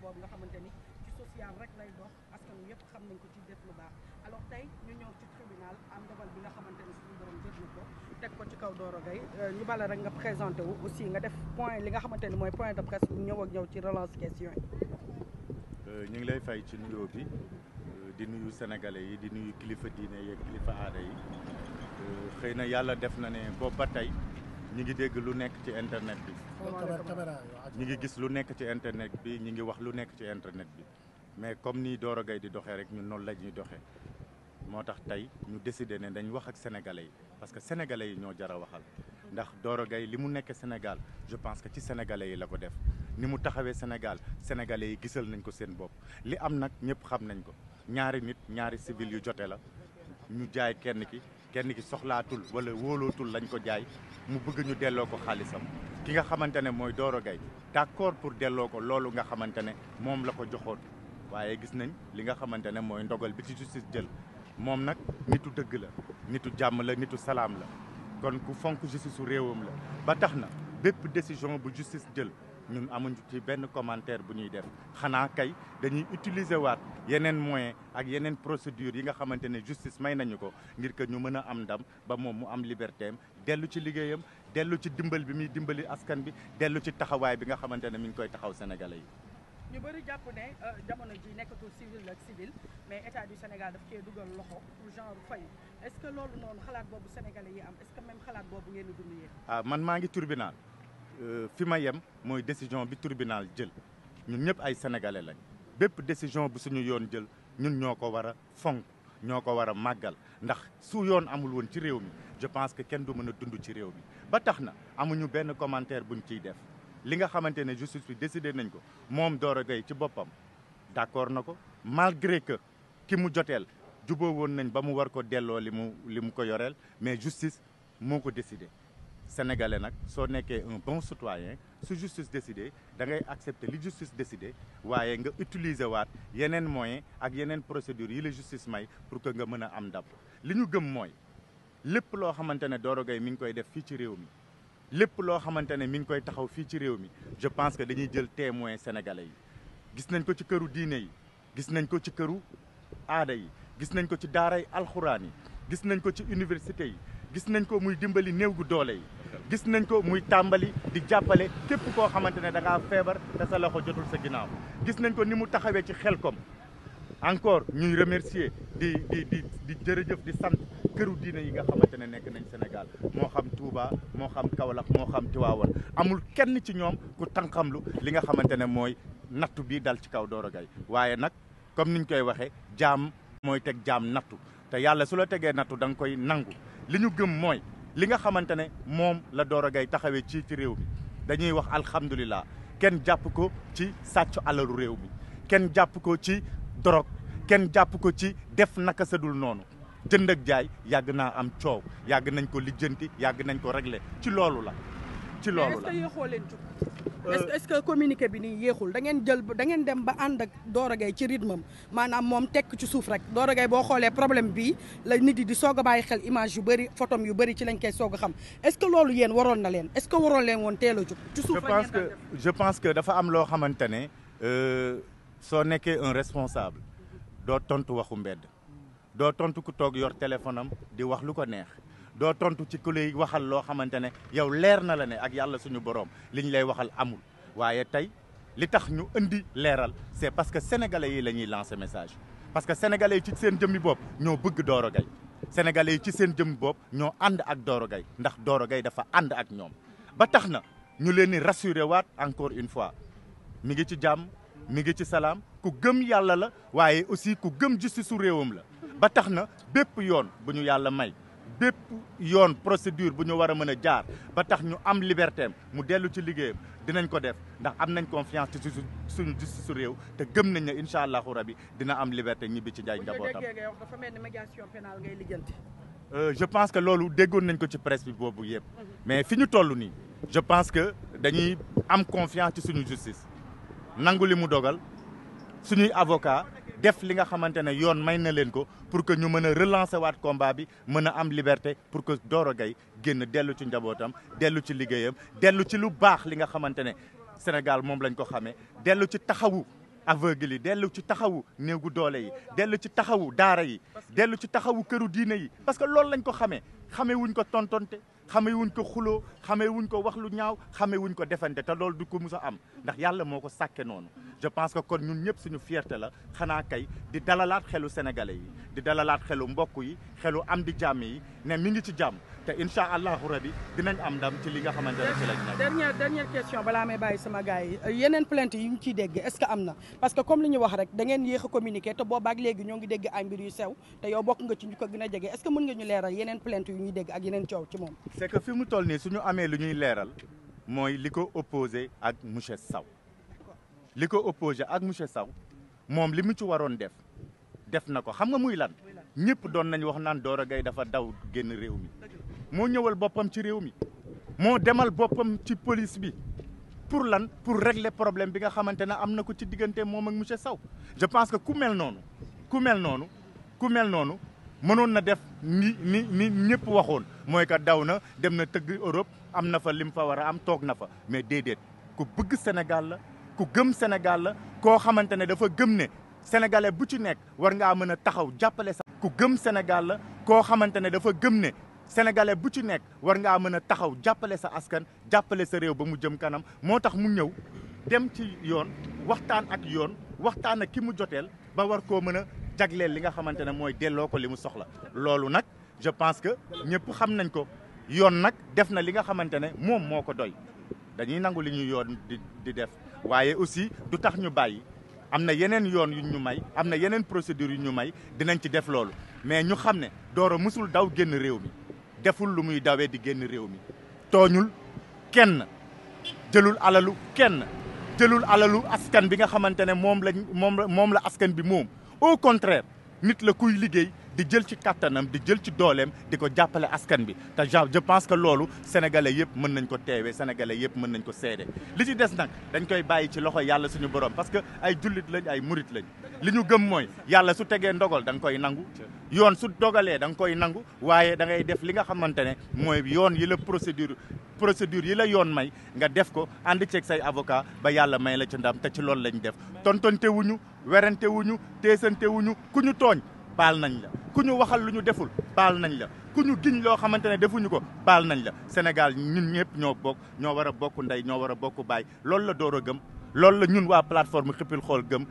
boobu nga xamante ni ci social rek lay dox askan wi yëpp xam nañ ko ci def lu baax alors tey ñu ñëw ci tribunal am dogal bi nga xamante ni suñu borom jël na ko teg ko ci kaw Doro Gaye euh, ñu bala rek nga présenté wu aussi nga def point li nga xamante ni mooy point de presse ñëw ak ñëw ci relance question yi. Euh, ñu ngi lay fay ci nuyoo bi euh, di nuyu sénégalais yi di nuyu kilifa diine yi kilifa aada yi xëy na yàlla def na ne boobu ba tey ñu ngi dégg lu nekk ci internet bi. ñi ngi gis lu nekk ci internet bi ñi ngi wax lu nekk ci internet bi mais comme nii Doro Gaye di doxee rek ñun noonu la ñuy doxee moo tax tey ñu décidé ne dañ wax ak sénégalais yi parce que sénégalais yi ñoo jar a waxal ndax Doro Gaye li mu nekk Sénégal je pense que ci sénégalais yi la ko def ni mu taxawee Sénégal sénégalais yi gisal nañ ko seen bopp li am nag ñëpp xam nañ ko ñaari nit ñaari civil yu jote la ñu jaay kenn ki kenn ki soxlaatul wala wóolootul lañ ko jaay mu bëgg ñu delloo ko xaalisam ki nga xamante ne mooy Doro Gaye d'accord pour delloo ko loolu nga xamante ne moom la ko joxoon waaye gis nañ li nga xamante ne mooy ndogal bi ci jël moom nag nitu dëgg la nitu jàmm la nitu salaam la kon ku fonk justice su réewam la ba tax na bépp décision bu justice jël ñun amuñ ci benn commentaire bu ñuy def xanaa kay dañuy utiliser waat yeneen moyen ak yeneen procédure yi nga xamante ne justice may nañu ko ngir que ñu mën a am ndam ba moom mu am liberteem dellu ci liggéeyam dellu ci dimbal bi muy dimbali askan bi dellu ci taxawaay bi nga xamante ne mi ngi koy taxaw sénégalais yi. ñu bëri jàpp ne euh, jamono ji nekkatul civil ak civil mais état du Sénégal daf cee dugal loxo pour genre fayu est-ce que loolu noonu xalaat boobu ah, man maa ngi tribunal. Euh, fi ma yem mooy décision bi tribunal jël ñun ñëpp ay sénégalais lañ bépp décision bu suñu yoon jël ñun ñoo ko war a fonk ñoo ko war a màggal ndax su yoon amul woon ci réew mi je pense que kenn du mën a dund ci réew mi ba tax na amuñu benn commentaire buñ ciy def li nga xamante ne justice bi décidé nañ ko moom Doro Gaye ci boppam d'accord na ko malgré que ki mu joteel juboo woon nañ ba mu war ko delloo li mu li mu ko yoreel mais justice moo ko décidé sénégalais nag soo nekkee un bon citoyen su justice décidé da ngay accepter li justice décidé waaye nga utiliser waat yeneen moyens ak yeneen procédures yi la justice may pour que nga mën a am ndam li ñu gëm mooy lépp loo xamante ne Doro Gaye mi ngi koy def fii ci réew mi lépp loo xamante ne mi ngi koy taxaw fii ci réew mi je pense que dañuy jël tee témoin sénégalais yi gis nañ ko ci këru diine yi gis nañ ko ci këru aada yi gis nañ ko ci daara yi alxuraan yi gis nañ ko ci université yi gis nañ ko muy dimbali néew gu doole yi gis nañ ko muy tàmbali di jàppale képp koo xamante ne da ngaa feebar te sa loxo jotul sa ginnaaw gis nañ ko ni mu taxawee ci xel kom encore ñuy remercier di di jërëjëf di sant këru diina yi nga xamante ne nekk nañ Sénégal moo xam Touba moo xam Kaolack moo xam Tiwaawan amul kenn ci ñoom ku tànqamlu li nga xamante ne mooy nattu bii dal ci kaw Doro Gaye waaye nag comme niñ koy waxee jaam mooy teg jaam nattu te yàlla su la tegee nattu da nga koy nangu li ñu gëm mooy li nga xamante ne moom la Doro Gaye taxawee ci ci réew mi dañuy wax alhamdulilah kenn jàpp ko ci sàccu alalu réew mi kenn jàpp ko ci drogue kenn jàpp ko ci def naka sadul noonu jënd jaay yàgg naa am coow yàgg nañ ko lijjanti yàgg nañ ko régler ci loolu la ci loolu la est-ce que communiqué bi nii yéexul da ngeen jël da ngeen dem ba ànd ak Doro Gaye ci rythme am maanaam moom tekk ci suuf rek Doro Gaye boo xoolee problème bi la nit yi di soog a bàyyi xel image yu bëri photom yu bëri ci lañ koy soog a xam est-ce que loolu yéen waroon na leen est-ce que waroon leen woon teel a jóg ci suuf rek je pense que je pense que dafa am loo xamante ne euh, soo nekkee un responsable doo tontu waxu mbedd doo tontu ku toog yor téléphone am di wax lu ko neex doo tontu ci ku lay waxal loo xamante ne yow leer na la ne ak yàlla suñu borom li ñu lay waxal amul waaye tey li tax ñu indi leeral c'est parce que sénégalais yi la ñuy lancer message parce que sénégalais yi ci seen jëmmi bopp ñoo bëgg Doro Gaye sénégalais yi ci seen jëmmi bopp ñoo ànd ak Doro Gaye ndax Doro Gaye dafa ànd ak ñoom ba tax na ñu leen di rassurer waat encore une fois mi ngi ci jàmm mi ngi ci salaam ku gëm yàlla la waaye aussi ku gëm justice su réewam la ba tax na bépp yoon bu ñu yàlla may bépp yoon procédure bu ñu war a mën a jaar ba tax ñu am liberté mu dellu ci liggéeyam dinañ ko def ndax am nañ confiance ci suñu suñu justice su réew te gëm nañ ne incha allahu rabi dina am liberté ñibbi ci njaay nga dafa mel ni médiation euh, je pense que loolu déggoon nañ ko ci presse boobu yëpp mais fi ñu toll nii je pense que dañuy am confiance ci suñu justice nangu li mu dogal. suñuy avocat def li nga xamante ne yoon may na leen ko pour que ñu mën a relancer waat combat bi mën a am liberté pour que dooro Gaye génn dellu ci njabootam dellu ci liggéeyam dellu ci lu baax li nga xamante ne Sénégal moom lañ ko xamee dellu ci taxawu aveugle yi dellu ci taxawu néegu doole yi dellu ci taxawu daara yi dellu ci taxawu këru diine yi parce que loolu lañ ko xamee xamee wuñ ko tontonte xamee wuñ ko xuloo xamee wuñ ko wax lu ñaaw xamee wuñ ko defante te lool du ko mus a am ndax yàlla moo ko sàkke noonu je pense que kon ñun ñëpp suñu fierte la xanaa kay di dalalaat xelu sénégalais yi di dalalaat xelu mbokk yi xelu am di jàmm yi ne mi ngi ci jàmm te incha allahu rabi dinañ am ndam ci li nga xamante ne ci lañ nekk. dernière question balaa may bàyyi sama euh, yeneen plainte yi ñu ciy dégg est-ce que am na parce que comme li ñu wax rek da a communiqué te boobaak léegi ñoo ngi dégg ay mbir yu sew te bokk nga ñu a jege est-ce que yeneen plainte yu ñuy dégg ak yeneen c'est que fi mu toll nii suñu amee lu ñuy leeral mooy li ko opposé ak monsieur saw li ko opposé ak monsieur saw moom li mu ci waroon def def na ko xam nga muy lan ñëpp doon nañ wax naan Doro gay dafa daw génn réew mi moo ñëwal boppam ci réew mi moo demal boppam ci police bi pour lan pour régler problème bi nga xamante ne am na ko ci diggante moom ak monsieur Sow je pense que ku mel noonu ku mel noonu ku mel noonu mënoon na def ni ni ni ñëpp waxoon mooy que daw na dem na tëgg Europe am na fa lim fa war a am toog na fa mais déedéet ku bëgg Sénégal la ku gëm Sénégal koo xamante ne dafa gëm ne sénégalais bu ci nekk war ngaa mën a taxaw jàppale sa ku gëm Sénégal koo xamante ne dafa gëm ne sénégalais bu ci nekk war ngaa mën a taxaw jàppale sa askan jàppale sa réew ba mu jëm kanam moo tax mu ñëw dem ci yoon waxtaan ak yoon waxtaan ak ki mu joteel ba war koo mën a jagleel li nga xamante ne mooy delloo ko li mu soxla loolu nag je pense que ñëpp xam nañ ko yoon nag def na li nga xamante ne moom moo ko doy dañuy nangu li ñu yoon di di def waaye aussi du tax ñu bàyyi am na yeneen yoon yu ñu may am na yeneen procédure yu ñu may dinañ ci def loolu mais ñu xam ne Doro musul daw génn réew mi deful lu muy dawee di génn réew mi tooñul kenn jëlul alalu kenn jëlul alalu askan bi nga xamante ne moom lañ moom moom la askan bi moom au contraire nit la kuy liggéey di jël ci kàttanam di jël ci dooleem di ko jàppale askan bi te je pense que loolu sénégalais yëpp mën nañ ko teewee sénégalais yëpp mën nañ ko seede li ci des nag dañ koy bàyyi ci loxo yàlla suñu borom parce que ay jullit lañ ay murit lañ li ñu gëm mooy yàlla su tegee ndogal danga koy nangu yoon su dogalee danga koy nangu waaye dangay def li nga xamante ne mooy yoon yi la procédure procédure yi la yoon may nga def ko ànd ceeg say avocat ba yàlla may la ci ndam te ci loolu lañ def tontonte wuñu werante wuñu teesante wuñu ku ñu tooñ baal nañ ku ñu waxal lu ñu deful baal nañ la ku ñu giñ loo xamante ne defuñu ko baal nañ la Sénégal ñun ñëpp ñoo bokk ñoo war a bokk ndey ñoo war a bokk baay loolu la door a gëm loolu la ñun waa plateforme xippil xool gëm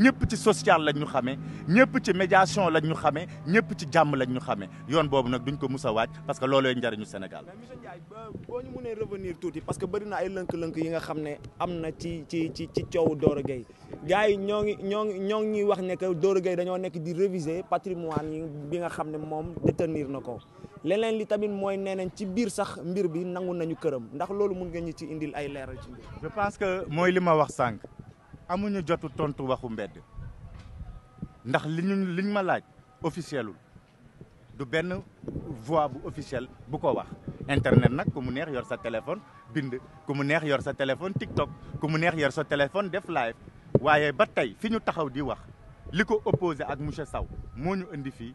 ñëpp ci social lañ ñu xamee ñëpp ci médiation lañ ñu xamee ñëpp ci jàmm lañ ñu xamee yoon boobu nag duñ ko mus a waaj parce que loolooy njariñu Sénégal. mais monsieur Ndiaye boo ñu mënee revenir tuuti parce que bëri na ay lënk-lënk yi nga xam ne am na ci ci ci ci coowu Doro Gueye gars yi ñoo ngi ñoo ngi ñoo ngi ñuy wax ne que Doro Gueye dañoo nekk di réviser patrimoine yi bi nga xam ne moom détenir na ko leneen li tamit mooy nee nañ ci biir sax mbir bi nangu nañu këram ndax loolu mun nga ñu ci indil ay leeral ci. je pense que mooy li ma wax sànq. amuñu jotu tontu waxu mbedd ndax li ñu liñ ma laaj officielul du benn voix bu officiel bu ko wax internet nag ku mu neex yor sa téléphone bind ku mu neex yor sa téléphone TikTok ku mu neex yor sa téléphone def live waaye ba tey fi ñu taxaw di wax li ko opposé ak monsieur saw moo ñu indi fii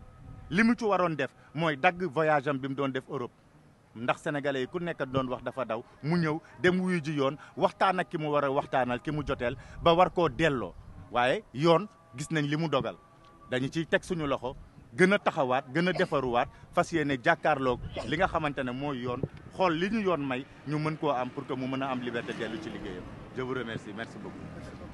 li mu ci waroon def mooy dagg voyagem bi mu doon def Europe ndax sénégalais yi ku nekk doon wax dafa daw mu ñëw dem wuyu ji yoon waxtaan ak ki mu war a waxtaanal ki mu joteel ba war koo delloo waaye yoon gis nañ li mu dogal dañu ciy teg suñu loxo gën a taxawaat gën a defaruwaat fas yéene jàkkaarloog li nga xamante ne mooy yoon xool li ñu yoon may ñu mën koo am pour que mu mën a am liberté dellu ci liggéeyam je vous remercie merci